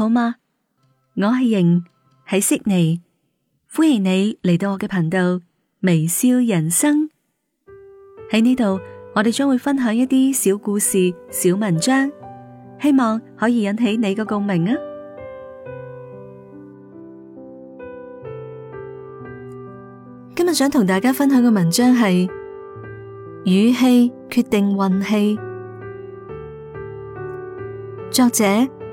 好嗎？我係瑩，喺悉尼，歡迎你嚟到我嘅頻道微笑人生。喺呢度，我哋將會分享一啲小故事、小文章，希望可以引起你嘅共鳴啊！今日想同大家分享嘅文章係語氣決定運氣，作者。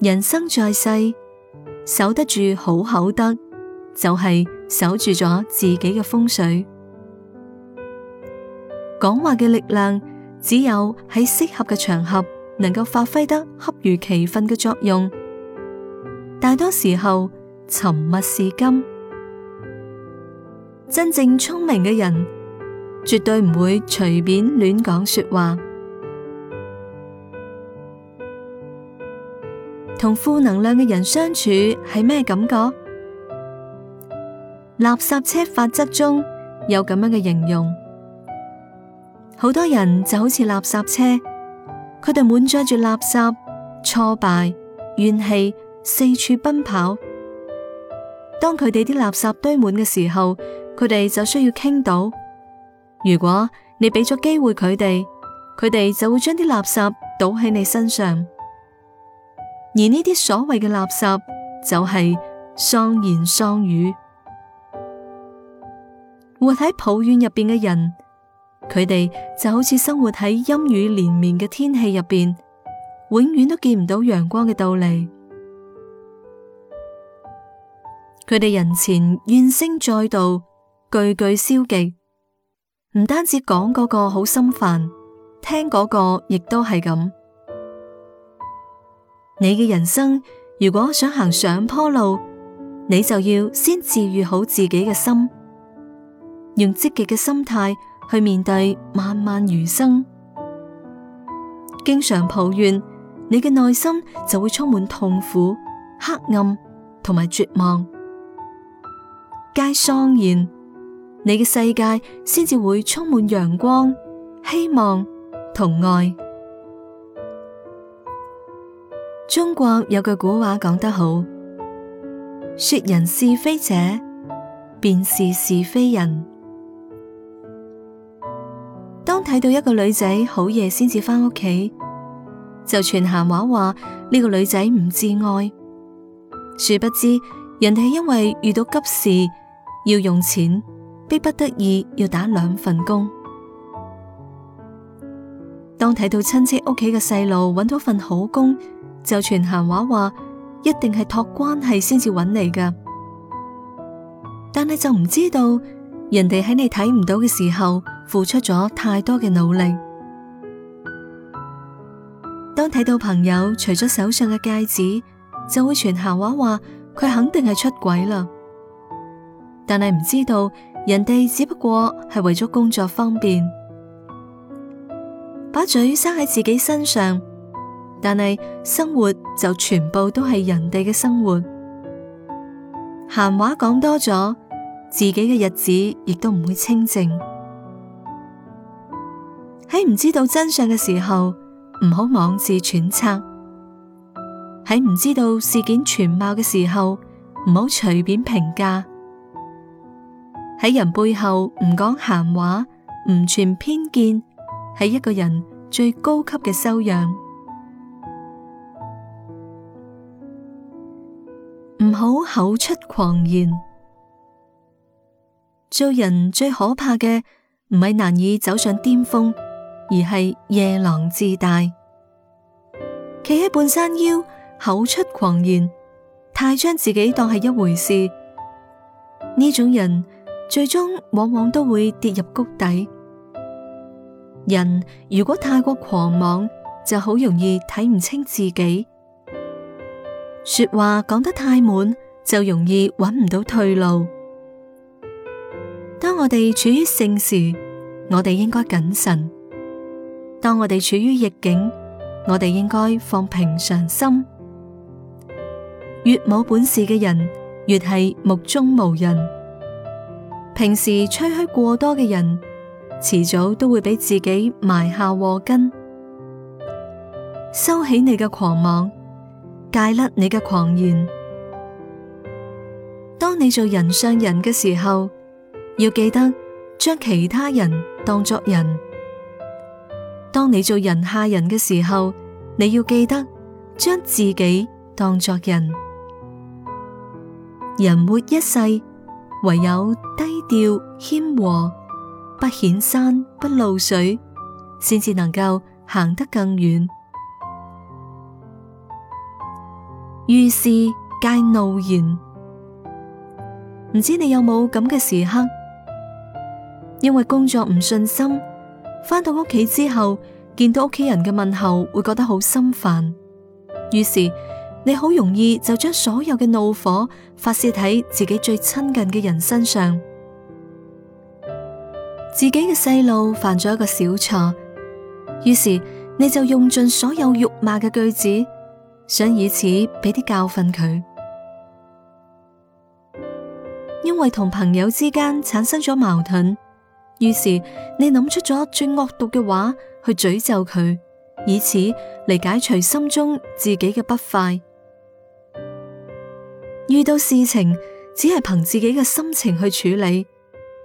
人生在世，守得住好口德，就係守住咗自己嘅風水。講話嘅力量，只有喺適合嘅場合，能夠發揮得恰如其分嘅作用。大多時候，沉默是金。真正聰明嘅人，絕對唔會隨便亂講說話。同負能量嘅人相處係咩感覺？垃圾車法則中有咁樣嘅形容：好多人就好似垃圾車，佢哋滿載住垃圾、挫敗、怨氣，四處奔跑。當佢哋啲垃圾堆滿嘅時候，佢哋就需要傾倒。如果你俾咗機會佢哋，佢哋就會將啲垃圾倒喺你身上。而呢啲所謂嘅垃圾，就係喪言喪語，活喺抱怨入邊嘅人，佢哋就好似生活喺陰雨連綿嘅天氣入邊，永遠都見唔到陽光嘅道理。佢哋人前怨聲載道，句句消極，唔單止講嗰個好心煩，聽嗰個亦都係咁。你嘅人生如果想行上坡路，你就要先治癒好自己嘅心，用積極嘅心態去面對漫漫餘生。經常抱怨，你嘅內心就會充滿痛苦、黑暗同埋絕望。皆桑然，你嘅世界先至會充滿陽光、希望同愛。中國有句古話講得好：說人是非者，便是是非人。當睇到一個女仔好夜先至翻屋企，就傳閒話話呢個女仔唔自愛。殊不知，人哋係因為遇到急事要用錢，逼不得已要打兩份工。當睇到親戚屋企嘅細路搵到份好工，就傳閒話話，一定係託關係先至揾你噶，但係就唔知道人哋喺你睇唔到嘅時候付出咗太多嘅努力。當睇到朋友除咗手上嘅戒指，就會傳閒話話，佢肯定係出軌啦，但係唔知道人哋只不過係為咗工作方便，把嘴生喺自己身上。但係生活就全部都係人哋嘅生活，閒話講多咗，自己嘅日子亦都唔會清靜。喺唔知道真相嘅時候，唔好妄自揣測；喺唔知道事件全貌嘅時候，唔好隨便評價。喺人背後唔講閒話，唔存偏見，係一個人最高級嘅修養。好，口出狂言，做人最可怕嘅唔係難以走上巔峰，而係夜郎自大，企喺半山腰口出狂言，太將自己當係一回事，呢種人最終往往都會跌入谷底。人如果太過狂妄，就好容易睇唔清自己。說話講得太滿，就容易揾唔到退路。當我哋處於盛時，我哋應該謹慎；當我哋處於逆境，我哋應該放平常心。越冇本事嘅人，越係目中無人。平時吹噓過多嘅人，遲早都會俾自己埋下禍根。收起你嘅狂妄。戒甩你嘅狂言。當你做人上人嘅時候，要記得將其他人當作人；當你做人下人嘅時候，你要記得將自己當作人。人活一世，唯有低調謙和，不顯山不露水，先至能夠行得更遠。遇事皆怒言。唔知你有冇咁嘅時刻？因為工作唔順心，翻到屋企之後，見到屋企人嘅問候，會覺得好心煩。於是，你好容易就將所有嘅怒火發洩喺自己最親近嘅人身上。自己嘅細路犯咗一個小錯，於是你就用盡所有辱罵嘅句子。想以此俾啲教訓佢，因為同朋友之間產生咗矛盾，於是你諗出咗最惡毒嘅話去詛咒佢，以此嚟解除心中自己嘅不快。遇到事情只係憑自己嘅心情去處理，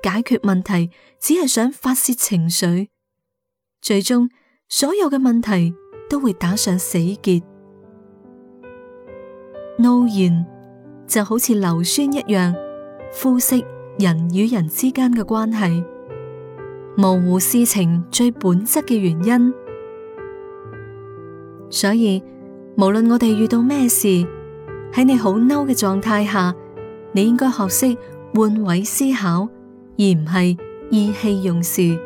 解決問題只係想發洩情緒，最終所有嘅問題都會打上死結。怒言就好似硫酸一樣，腐蝕人與人之間嘅關係，模糊事情最本質嘅原因。所以，無論我哋遇到咩事，喺你好嬲嘅狀態下，你應該學識換位思考，而唔係意氣用事。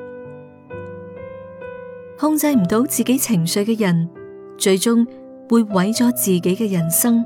控制唔到自己情緒嘅人，最終會毀咗自己嘅人生。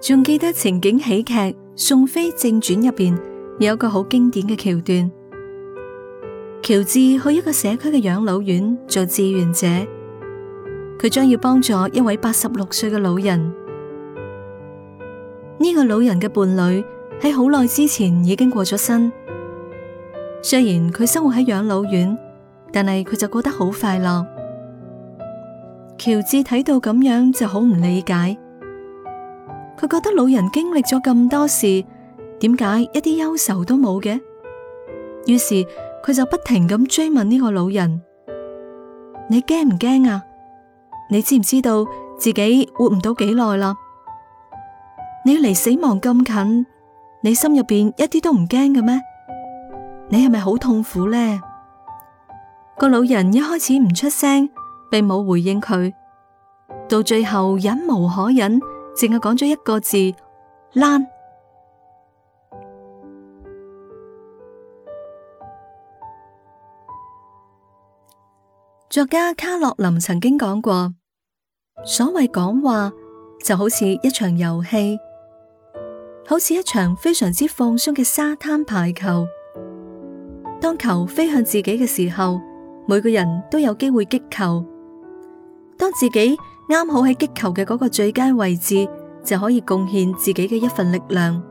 仲記得情景喜劇《宋飛正傳》入邊有一個好經典嘅橋段，喬治去一個社區嘅養老院做志願者，佢將要幫助一位八十六歲嘅老人。呢個老人嘅伴侶喺好耐之前已經過咗身，雖然佢生活喺養老院，但係佢就過得好快樂。喬治睇到咁樣就好唔理解。佢覺得老人經歷咗咁多事，點解一啲憂愁都冇嘅？於是佢就不停咁追問呢個老人：「你驚唔驚啊？你知唔知道自己活唔到幾耐啦？你離死亡咁近，你心入邊一啲都唔驚嘅咩？你係咪好痛苦呢？」呢個老人一開始唔出聲，並冇回應佢，到最後忍無可忍。淨係講咗一個字，爛。作家卡洛琳曾經講過，所謂講話就好似一場遊戲，好似一場非常之放鬆嘅沙灘排球。當球飛向自己嘅時候，每個人都有機會擊球。當自己，啱好喺擊球嘅嗰個最佳位置，就可以貢獻自己嘅一份力量。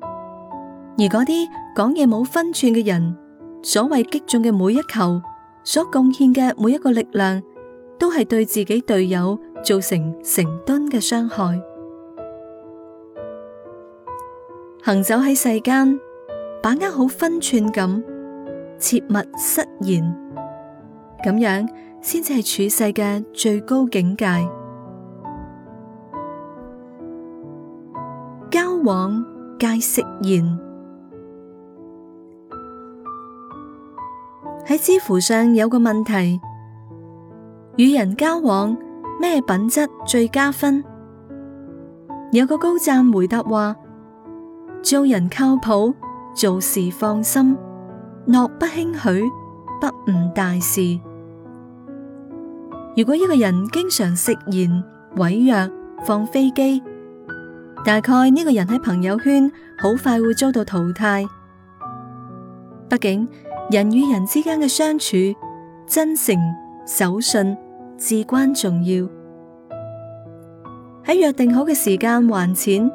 而嗰啲講嘢冇分寸嘅人，所謂擊中嘅每一球，所貢獻嘅每一個力量，都係對自己隊友造成成噸嘅傷害。行走喺世間，把握好分寸，咁切勿失言，咁樣。先至係處世嘅最高境界，交往皆食言。喺知乎上有個問題：與人交往咩品質最加分？有個高讚回答話：做人靠譜，做事放心，諾不輕許，不誤大事。如果一個人經常食言、毀約、放飛機，大概呢個人喺朋友圈好快會遭到淘汰。畢竟人與人之間嘅相處，真誠守信至關重要。喺約定好嘅時間還錢，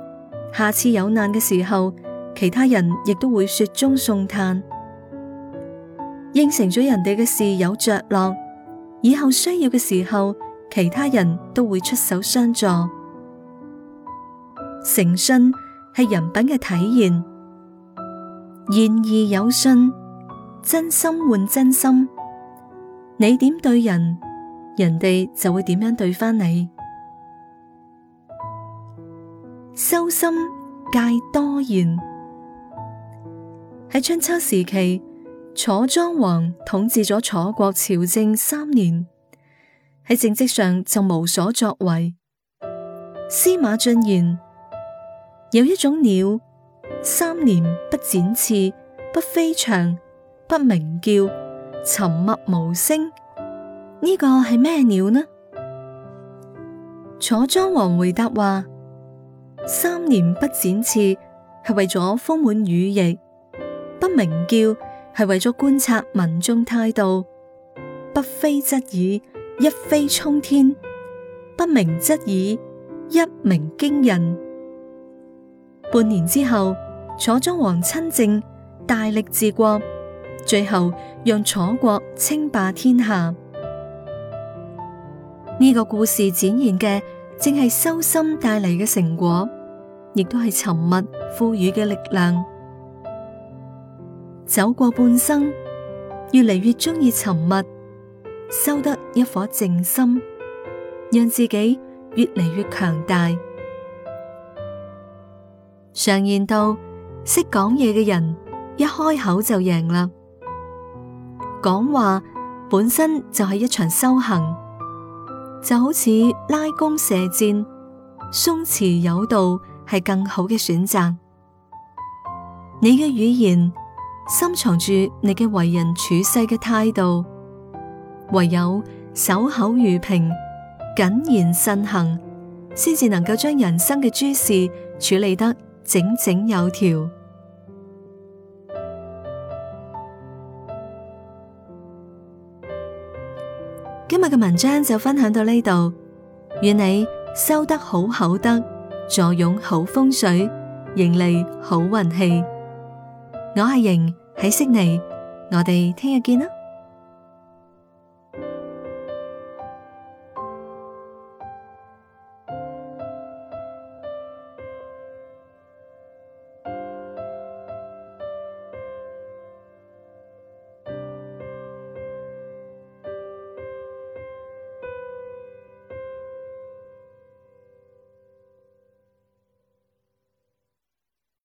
下次有難嘅時候，其他人亦都會雪中送炭。應承咗人哋嘅事有着落。以後需要嘅時候，其他人都會出手相助。誠信係人品嘅體現，言而有信，真心換真心。你點對人，人哋就會點樣對翻你。修心戒多言，喺春秋時期，楚莊王統治咗楚國朝政三年，喺政績上就無所作為。司馬進言，有一種鳥三年不展翅，不飛翔，不鳴叫，沉默無聲。呢個係咩鳥呢？楚莊王回答話：三年不展翅，係為咗豐滿羽翼；不鳴叫。係為咗觀察民眾態度，不飛則已，一飛沖天；不明則已，一鳴驚人。半年之後，楚莊王親政，大力治國，最後讓楚國稱霸天下。呢、這個故事展現嘅正係修心帶嚟嘅成果，亦都係沉默賦予嘅力量。走過半生，越嚟越鍾意沉默，修得一顆靜心，讓自己越嚟越強大。常言道，識講嘢嘅人一開口就贏啦。講話本身就係一場修行，就好似拉弓射箭，鬆弛有度係更好嘅選擇。你嘅語言。深藏住你嘅為人處世嘅態度，唯有守口如瓶、謹言慎行，先至能夠將人生嘅諸事處理得井井有條。今日嘅文章就分享到呢度，願你修得好口德，坐擁好風水，贏嚟好運氣。我係瑩。喺悉尼，我哋聽日見啦。